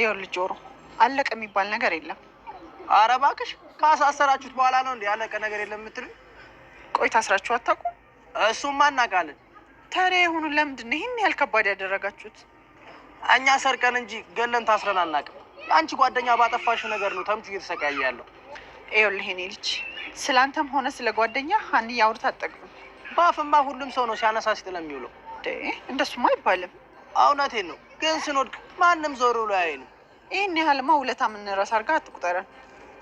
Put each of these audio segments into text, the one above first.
ይኸውልህ ጆሮ፣ አለቀ የሚባል ነገር የለም። ኧረ እባክሽ ካሳሰራችሁት በኋላ ነው እንደ አለቀ ነገር የለም የምትሉኝ? ቆይ ታስራችሁ አታውቁም? እሱም አናውቃለን። ተሬ የሆኑ ለምንድን ነው ይህን ያህል ከባድ ያደረጋችሁት? እኛ ሰርቀን እንጂ ገለን ታስረን አናውቅም። አንቺ ጓደኛ ባጠፋሽው ነገር ነው ተምቹ እየተሰቃየ ያለው። ይኸውልህ የኔ ልጅ፣ ስለ አንተም ሆነ ስለ ጓደኛ ሀኒ ያውርት አጠቅም። በአፍማ ሁሉም ሰው ነው ሲያነሳ ሲጥል የሚውለው። እንደሱማ አይባልም። እውነቴን ነው ግን ስንወድቅ ማንም ዞር ብሎ አያየንም። ይህን ያህልማ ውለታ የምንረሳ አድርጋ አትቁጠረን።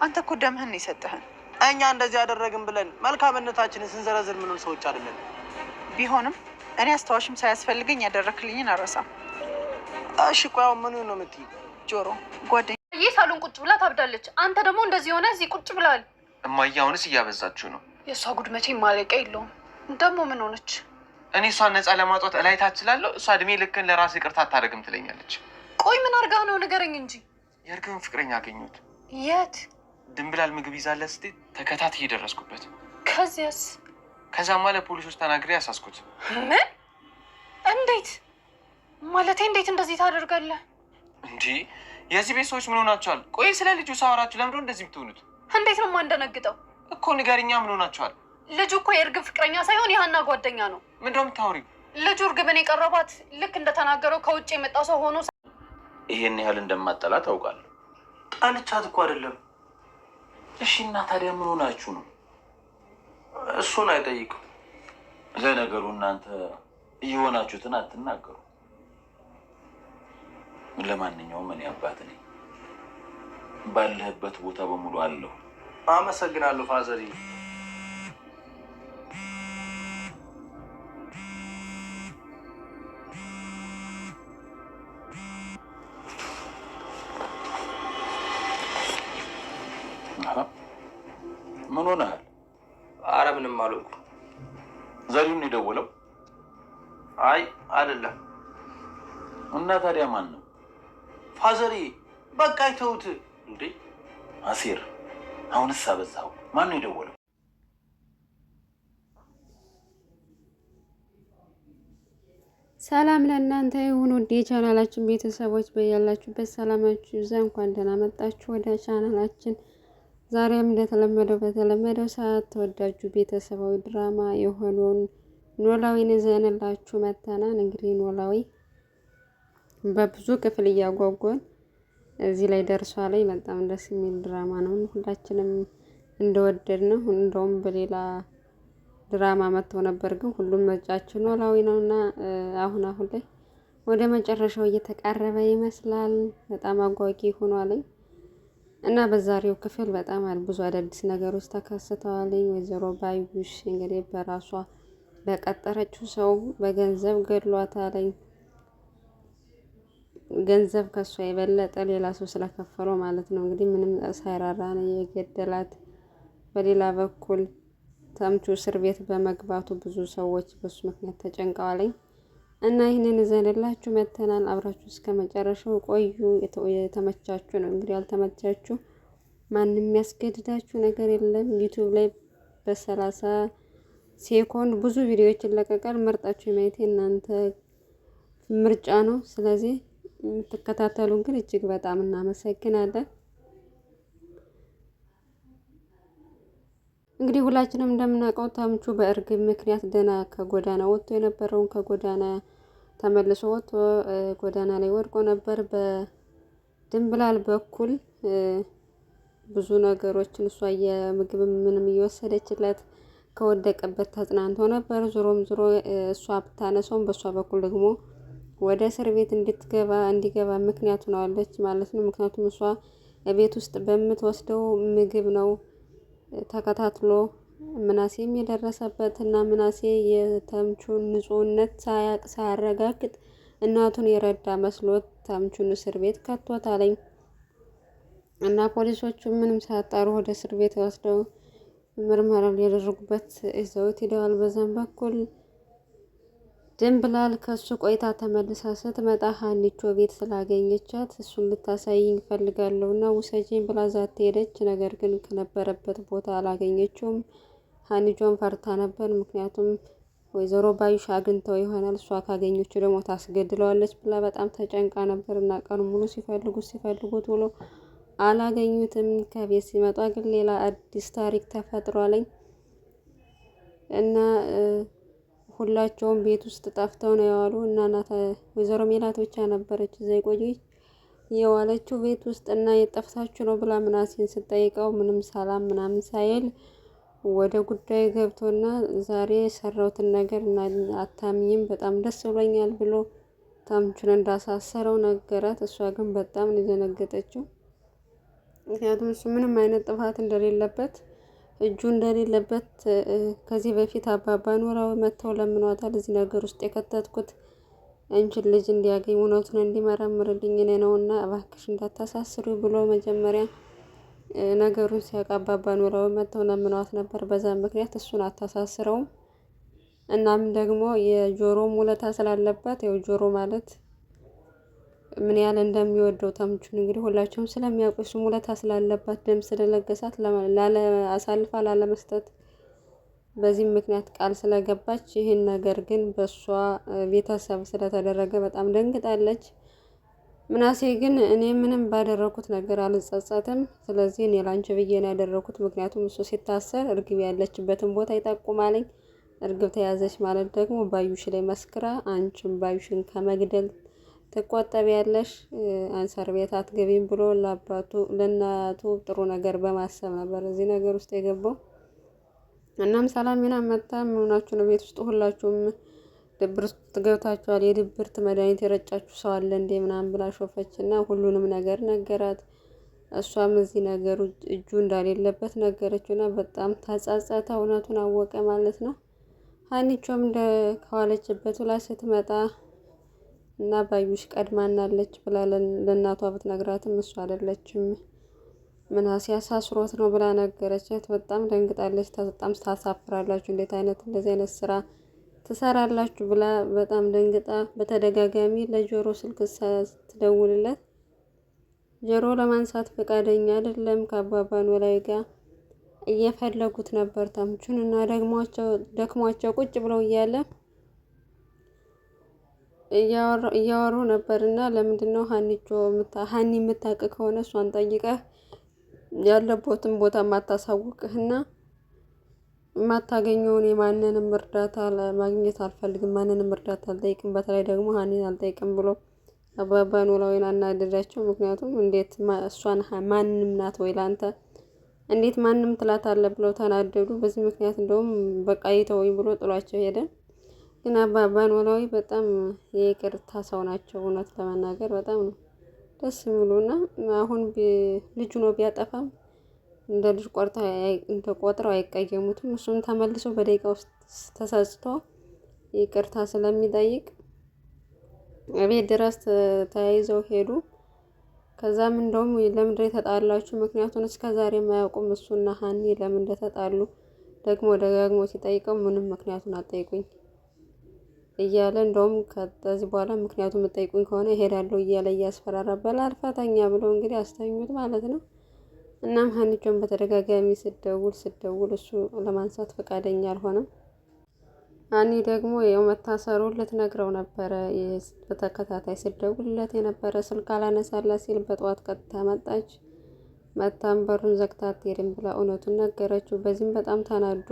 አንተ እኮ ደምህን የሰጠህን እኛ እንደዚህ አደረግን ብለን መልካምነታችንን ስንዘረዝር ምንም ሰዎች አይደለን። ቢሆንም እኔ አስታዋሽም ሳያስፈልገኝ ያደረክልኝን አረሳም። እሺ ቆይ አሁን ምን ነው የምትይው? ጆሮ ጓደኛ ይህ ሳሎን ቁጭ ብላ ታብዳለች። አንተ ደግሞ እንደዚህ የሆነ እዚህ ቁጭ ብላል። እማዬ አሁንስ እያበዛችሁ ነው። የእሷ ጉድ ማለቂያ የለውም። ደግሞ ምን ሆነች? እኔ እሷን ነፃ ለማውጣት እላይ ታች እሷ እድሜ ልክን ለራሴ ቅርታ አታደርግም ትለኛለች። ቆይ ምን አድርጋ ነው ንገረኝ እንጂ። የእርግብን ፍቅረኛ አገኘሁት። የት? ድንብላል ምግብ ይዛለት ስ ተከታት እየደረስኩበት። ከዚያስ? ከዛማ ፖሊሶች ተናግሬ ያሳስኩት። ምን? እንዴት ማለቴ? እንዴት እንደዚህ ታደርጋለህ? እንዲ የዚህ ቤት ሰዎች ምን ሆናቸዋል? ቆይ ስለ ልጁ ሳወራችሁ ለምደ እንደዚህ የምትሆኑት? እንዴት ነው ማንደነግጠው እኮ ንገርኛ። ምን ሆናቸዋል? ልጁ እኮ የእርግብ ፍቅረኛ ሳይሆን የሀና ጓደኛ ነው። ምንድን ነው የምታወሪው? ልጁ እርግብን የቀረባት ልክ እንደተናገረው ከውጭ የመጣ ሰው ሆኖ ይሄን ያህል እንደማጠላ ታውቃለሁ። ጠልቻት እኮ አይደለም። እሺ እና ታዲያ ምን ሆናችሁ ነው? እሱን አይጠይቅም። ለነገሩ እናንተ እየሆናችሁትን አትናገሩ። ለማንኛውም እኔ አባት ነኝ፣ ባለህበት ቦታ በሙሉ አለሁ። አመሰግናለሁ ፋዘሪ ምን ሆነሃል? አረ ምንም አልሆንኩም። ዘሪሁን የደወለው? አይ አይደለም። እና ታዲያ ማን ነው? ፋዘሪ በቃ አይተውት እንዴ። አሴር አሁንስ አበዛው። ማን ነው የደወለው? ሰላም ለእናንተ ይሁን ውድ የቻናላችን ቤተሰቦች፣ በያላችሁበት ሰላማችሁ ይብዛ። እንኳን ደህና መጣችሁ ወደ ቻናላችን ዛሬም እንደተለመደው በተለመደው ሰዓት ተወዳጁ ቤተሰባዊ ድራማ የሆነውን ኖላዊን ይዘንላችሁ መጥተናል። እንግዲህ ኖላዊ በብዙ ክፍል እያጓጓን እዚህ ላይ ደርሷ ላይ በጣም ደስ የሚል ድራማ ነው። ሁላችንም እንደወደድ ነው። እንደውም በሌላ ድራማ መጥተው ነበር፣ ግን ሁሉም መጫችን ኖላዊ ነው እና አሁን አሁን ላይ ወደ መጨረሻው እየተቃረበ ይመስላል። በጣም አጓጊ ሆኗ ላይ እና በዛሬው ክፍል በጣም ብዙ አዳዲስ ነገሮች ተከስተዋል። ወይዘሮ ባዩሽ እንግዲህ በራሷ በቀጠረችው ሰው በገንዘብ ገድሏታለኝ። ገንዘብ ከሷ የበለጠ ሌላ ሰው ስለከፈለው ማለት ነው። እንግዲህ ምንም ሳይራራ ነው የገደላት። በሌላ በኩል ተምቹ እስር ቤት በመግባቱ ብዙ ሰዎች በሱ ምክንያት ተጨንቀዋለኝ። እና ይህንን ይዘንላችሁ መተናል። አብራችሁ እስከ መጨረሻው ቆዩ። የተመቻችሁ ነው እንግዲህ፣ ያልተመቻችሁ ማንም የሚያስገድዳችሁ ነገር የለም። ዩቲዩብ ላይ በሰላሳ ሴኮንድ ብዙ ቪዲዮዎች ይለቀቃል። መርጣችሁ የማየት እናንተ ምርጫ ነው። ስለዚህ የምትከታተሉን ግን እጅግ በጣም እናመሰግናለን። እንግዲህ ሁላችንም እንደምናውቀው ተምቹ በእርግብ ምክንያት ደህና ከጎዳና ወጥቶ የነበረውን ከጎዳና ተመልሶ ወጥቶ ጎዳና ላይ ወድቆ ነበር። በድንብላል በኩል ብዙ ነገሮችን እሷ የምግብ ምንም እየወሰደችለት ከወደቀበት ተጽናንቶ ነበር። ዞሮም ዞሮ እሷ ብታነሰውም በእሷ በኩል ደግሞ ወደ እስር ቤት እንድትገባ እንዲገባ ምክንያት ነዋለች ማለት ነው። ምክንያቱም እሷ ቤት ውስጥ በምትወስደው ምግብ ነው ተከታትሎ ምናሴም የደረሰበት እና ምናሴ የተምቹን ንጹህነት ሳያቅ ሳያረጋግጥ እናቱን የረዳ መስሎት ተምቹን እስር ቤት ከቶታለኝ እና ፖሊሶቹ ምንም ሳያጣሩ ወደ እስር ቤት ወስደው ምርመራ ሊያደርጉበት ይዘውት ሂደዋል። በዛም በኩል ድንብላል ከሱ ቆይታ ተመልሳ ስትመጣ ሀኒቾ ቤት ስላገኘቻት እሱን ልታሳይኝ እፈልጋለሁ እና ውሰጂኝ ብላ ዛት ሄደች። ነገር ግን ከነበረበት ቦታ አላገኘችውም። ሀኒጆን ፈርታ ነበር። ምክንያቱም ወይዘሮ ባዩሽ አግኝተው ይሆናል እሷ ካገኘችው ደግሞ ታስገድለዋለች ብላ በጣም ተጨንቃ ነበር እና ቀኑ ሙሉ ሲፈልጉት ሲፈልጉት ውሎ አላገኙትም። ከቤት ሲመጣ ግን ሌላ አዲስ ታሪክ ተፈጥሯለኝ እና ሁላቸውም ቤት ውስጥ ጠፍተው ነው የዋሉ እና ናተ ወይዘሮ ሜላት ብቻ ነበረች እዛ የቆየች የዋለችው ቤት ውስጥ እና የጠፍታችሁ ነው ብላ ምናሴን ስጠይቀው ምንም ሰላም ምናምን ሳይል ወደ ጉዳይ ገብቶና ዛሬ የሰራሁትን ነገር አታምኝም በጣም ደስ ብሎኛል ብሎ ታምቹን እንዳሳሰረው ነገራት። እሷ ግን በጣም ነው ምክንያቱም እሱ ምንም አይነት ጥፋት እንደሌለበት እጁ እንደሌለበት ከዚህ በፊት አባባ ኖራዊ መጥተው ለምኗታል። እዚህ ነገር ውስጥ የከተትኩት አንቺን ልጅ እንዲያገኝ እውነቱን እንዲመረምርልኝ እኔ እና እባክሽ እንዳታሳስሩ ብሎ መጀመሪያ ነገሩን ሲያቃባባ ኖረው መጥተው ለምነዋት ነበር። በዛ ምክንያት እሱን አታሳስረውም። እናም ደግሞ የጆሮ ውለታ ስላለባት ያው ጆሮ ማለት ምን ያህል እንደሚወደው ተምቹን እንግዲህ ሁላቸውም ስለሚያውቁ እሱም ውለታ ስላለባት ደም ስለለገሳት አሳልፋ ላለመስጠት በዚህም ምክንያት ቃል ስለገባች፣ ይህን ነገር ግን በእሷ ቤተሰብ ስለተደረገ በጣም ደንግጣለች። ምናሴ ግን እኔ ምንም ባደረኩት ነገር አልጸጸትም፣ ስለዚህ እኔ ላንቺ ብዬ ነው ያደረኩት። ምክንያቱም እሱ ሲታሰር እርግብ ያለችበትን ቦታ ይጠቁማለኝ። እርግብ ተያዘች ማለት ደግሞ ባዩሽ ላይ መስክራ አንቺም ባዩሽን ከመግደል ትቆጠብ ያለሽ አንሳር ቤት አትገቢም ብሎ ለአባቱ ለእናቱ ጥሩ ነገር በማሰብ ነበር እዚህ ነገር ውስጥ የገባው። እናም ሰላሚና መጣ። ምን ነው ቤት ውስጥ ሁላችሁም ድብር ውስጥ ገብታችኋል፣ የድብርት መድኃኒት የረጫችሁ ሰው አለ እንዴ ምናምን ብላ ሾፈች እና ሁሉንም ነገር ነገራት። እሷም እዚህ ነገሩ እጁ እንዳሌለበት ነገረችው እና በጣም ተጸጸተ። እውነቱን አወቀ ማለት ነው። ሀኒቾም እንደ ከዋለችበት ብላ ስትመጣ እና ባዩሽ ቀድማናለች ብላ ለእናቷ ብትነግራትም እሱ አይደለችም ምናሴ አሳስሮት ነው ብላ ነገረቻት። በጣም ደንግጣለች። በጣም ታሳፍራላችሁ። እንዴት አይነት እንደዚህ አይነት ስራ ትሰራላችሁ ብላ በጣም ደንግጣ በተደጋጋሚ ለጆሮ ስልክ ስትደውልለት ጆሮ ለማንሳት ፈቃደኛ አይደለም። ከአባባ ኖላዊ ጋር እየፈለጉት ነበር ታምቹን እና ደክሟቸው ቁጭ ብለው እያለ እያወሩ ነበር እና ለምንድን ነው ሀኒቾ ሀኒ የምታውቅ ከሆነ እሷን ጠይቀህ ያለቦትን ቦታ ማታሳውቅህ የማታገኘውን የማንንም እርዳታ ለማግኘት አልፈልግም፣ ማንንም እርዳታ አልጠይቅም፣ በተለይ ደግሞ ሀኒን አልጠይቅም ብሎ አባባ ኖላዊን አናደዳቸው። ምክንያቱም እንዴት እሷን ማንም ናት ወይ ለአንተ እንዴት ማንም ትላት አለ ብለው ተናደዱ። በዚህ ምክንያት እንደውም በቃ ይተወኝ ብሎ ጥሏቸው ሄደ። ግን አባባ ኖላዊ በጣም የይቅርታ ሰው ናቸው። እውነት ለመናገር በጣም ነው ደስ የሚሉና አሁን ልጁ ነው ቢያጠፋም እንደ ልጅ ቆጥረው አይቀየሙትም። እሱም ተመልሶ በደቂቃ ውስጥ ተሰጽቶ ይቅርታ ስለሚጠይቅ ቤት ድረስ ተያይዘው ሄዱ። ከዛም እንደውም ለምንድን ነው የተጣላችሁ? ምክንያቱን እስከ ዛሬ የማያውቁም እሱና ሀኒ ለምን እንደተጣሉ ደግሞ ደጋግሞ ሲጠይቀው ምንም ምክንያቱን አጠይቁኝ እያለ እንደውም ከዚህ በኋላ ምክንያቱም የምጠይቁኝ ከሆነ እሄዳለሁ እያለ እያስፈራራ በላልፋተኛ ብለው እንግዲህ አስተኙት ማለት ነው። እናም ሀኒቾን በተደጋጋሚ ስደውል ስደውል እሱ ለማንሳት ፈቃደኛ አልሆነም። አኒ ደግሞ የው መታሰሩን ልትነግረው ነበረ። በተከታታይ ስደውልለት የነበረ ስልክ አላነሳላ ሲል በጠዋት ቀጥታ መጣች። መታም በሩን ዘግታ አትሄድም ብላ እውነቱን ነገረችው። በዚህም በጣም ተናዶ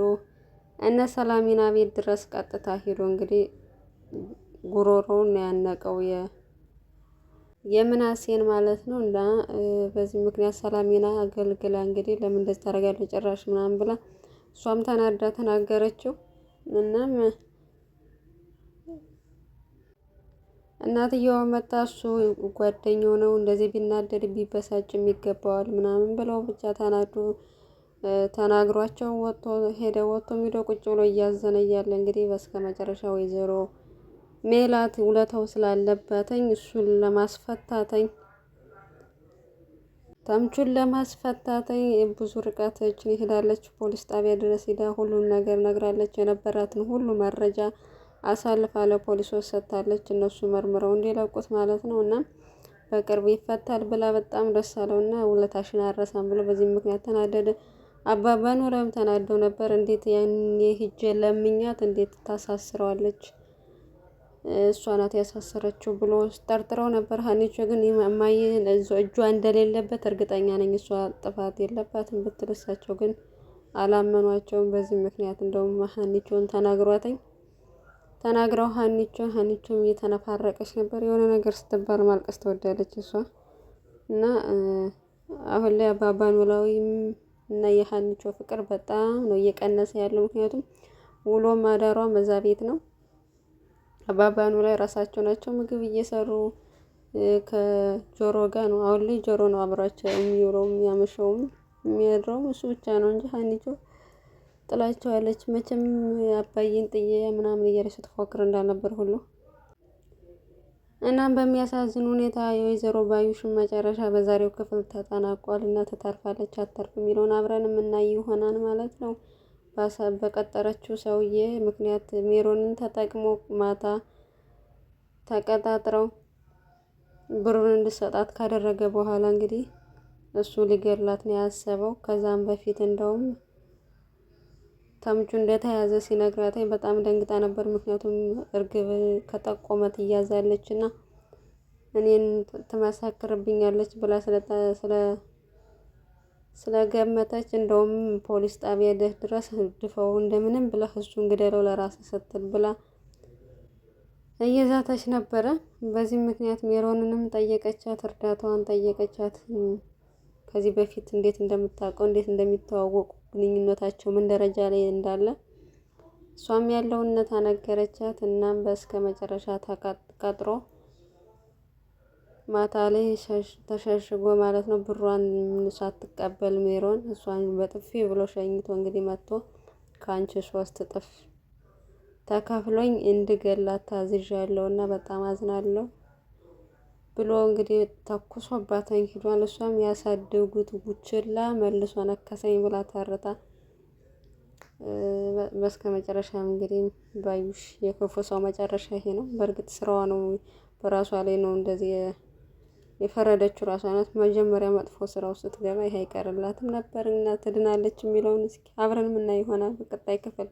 እነ ሰላሚና ቤት ድረስ ቀጥታ ሄዶ እንግዲህ ጉሮሮውን ያነቀው የ የምናሴን ማለት ነው። እና በዚህ ምክንያት ሰላሜና አገልግላ እንግዲህ ለምን እንደዚህ ታደርጋለች ጭራሽ ምናምን ብላ እሷም ተናዳ ተናገረችው። እናም እናትየዋ መጣ። እሱ ጓደኛው ነው እንደዚህ ቢናደድ ቢበሳጭ የሚገባዋል ምናምን ብለው ብቻ ተናዱ ተናግሯቸው ወጥቶ ሄደ። ወጥቶ ሚዶ ቁጭ ብሎ እያዘነ እያለ እንግዲህ በስከ መጨረሻ ወይዘሮ ሜላት ውለታው ስላለባተኝ እሱን ለማስፈታተኝ ተምቹን ለማስፈታተኝ ብዙ ርቀቶችን ይሄዳለች። ፖሊስ ጣቢያ ድረስ ሂዳ ሁሉን ነገር ነግራለች። የነበራትን ሁሉ መረጃ አሳልፋ ለፖሊሶች ሰጥታለች። እነሱ መርምረው እንዲለቁት ማለት ነው እና በቅርብ ይፈታል ብላ በጣም ደስ አለው እና ውለታሽን አረሳም ብሎ በዚህ ምክንያት ተናደደ። አባባ ኖረም ተናደው ነበር። እንዴት ያን ሂጄ ለምኛት እንዴት ታሳስረዋለች እሷ ናት ያሳሰረችው ብሎ ጠርጥረው ነበር። ሀኒቾ ግን ማየ እጇ እንደሌለበት እርግጠኛ ነኝ፣ እሷ ጥፋት የለባትም ብትልሳቸው ግን አላመኗቸውም። በዚህ ምክንያት እንደውም ሀኒቾን ተናግሯተኝ ተናግረው ሀኒቾ ሀኒቾም እየተነፋረቀች ነበር። የሆነ ነገር ስትባል ማልቀስ ትወዳለች እሷ እና አሁን ላይ አባባ ኖላዊም እና የሀኒቾ ፍቅር በጣም ነው እየቀነሰ ያለው። ምክንያቱም ውሎ ማዳሯ መዛ ቤት ነው አባባኑ ላይ ራሳቸው ናቸው ምግብ እየሰሩ ከጆሮ ጋር ነው። አሁን ላይ ጆሮ ነው አብሯቸው የሚውለው የሚያመሸውም የሚያድረውም እሱ ብቻ ነው እንጂ ሀኒቾ ያለች መቼም አባዬን ጥዬ ምናምን እያለች ስትፎክር እንዳልነበር ሁሉ እናም በሚያሳዝን ሁኔታ የወይዘሮ ባዩሽን መጨረሻ በዛሬው ክፍል ተጠናቋል እና ትተርፋለች አተርፍ የሚለውን አብረን የምናይ ይሆናል ማለት ነው። በቀጠረችው ሰውዬ ምክንያት ሜሮንን ተጠቅሞ ማታ ተቀጣጥረው ብሩን እንድሰጣት ካደረገ በኋላ እንግዲህ እሱ ሊገድላት ነው ያሰበው። ከዛም በፊት እንደውም ተምቹ እንደተያዘ ሲነግራት በጣም ደንግጣ ነበር። ምክንያቱም እርግብ ከጠቆመ ትያዛለች እና እኔን ትመሳክርብኛለች ብላ ስለ ስለገመተች እንደውም ፖሊስ ጣቢያ ደህ ድረስ ድፈው እንደምንም ብለህ እሱን ግደለው ለራስህ ስትል ብላ እየዛተች ነበረ። በዚህ ምክንያት ሜሮንንም ጠየቀቻት፣ እርዳታዋን ጠየቀቻት። ከዚህ በፊት እንዴት እንደምታውቀው እንዴት እንደሚተዋወቁ ግንኙነታቸው ምን ደረጃ ላይ እንዳለ እሷም ያለውን እውነታ ነገረቻት። እናም በስከ መጨረሻ ቀጥሮ። ማታ ላይ ተሸሽጎ ማለት ነው ብሯን ሳትቀበል ሜሮን እሷን በጥፊ ብሎ ሸኝቶ እንግዲህ መጥቶ ከአንቺ ሶስት እጥፍ ተከፍሎኝ እንድገላት ታዝዣለሁ እና በጣም አዝናለሁ ብሎ እንግዲህ ተኩሶባታኝ ሂዷል። እሷም ያሳደጉት ጉችላ መልሶ ነከሰኝ ብላ ተርታ በስከ መጨረሻ እንግዲህ ባዩሽ የክፉ ሰው መጨረሻ ይሄ ነው። በእርግጥ ስራዋ ነው፣ በራሷ ላይ ነው እንደዚህ የፈረደችው ራሷ ናት። መጀመሪያ መጥፎ ስራው ስትገባ ይህ አይቀርላትም ነበር እና ትድናለች የሚለውን እስኪ አብረን ምና ይሆናል በቀጣይ ክፍል።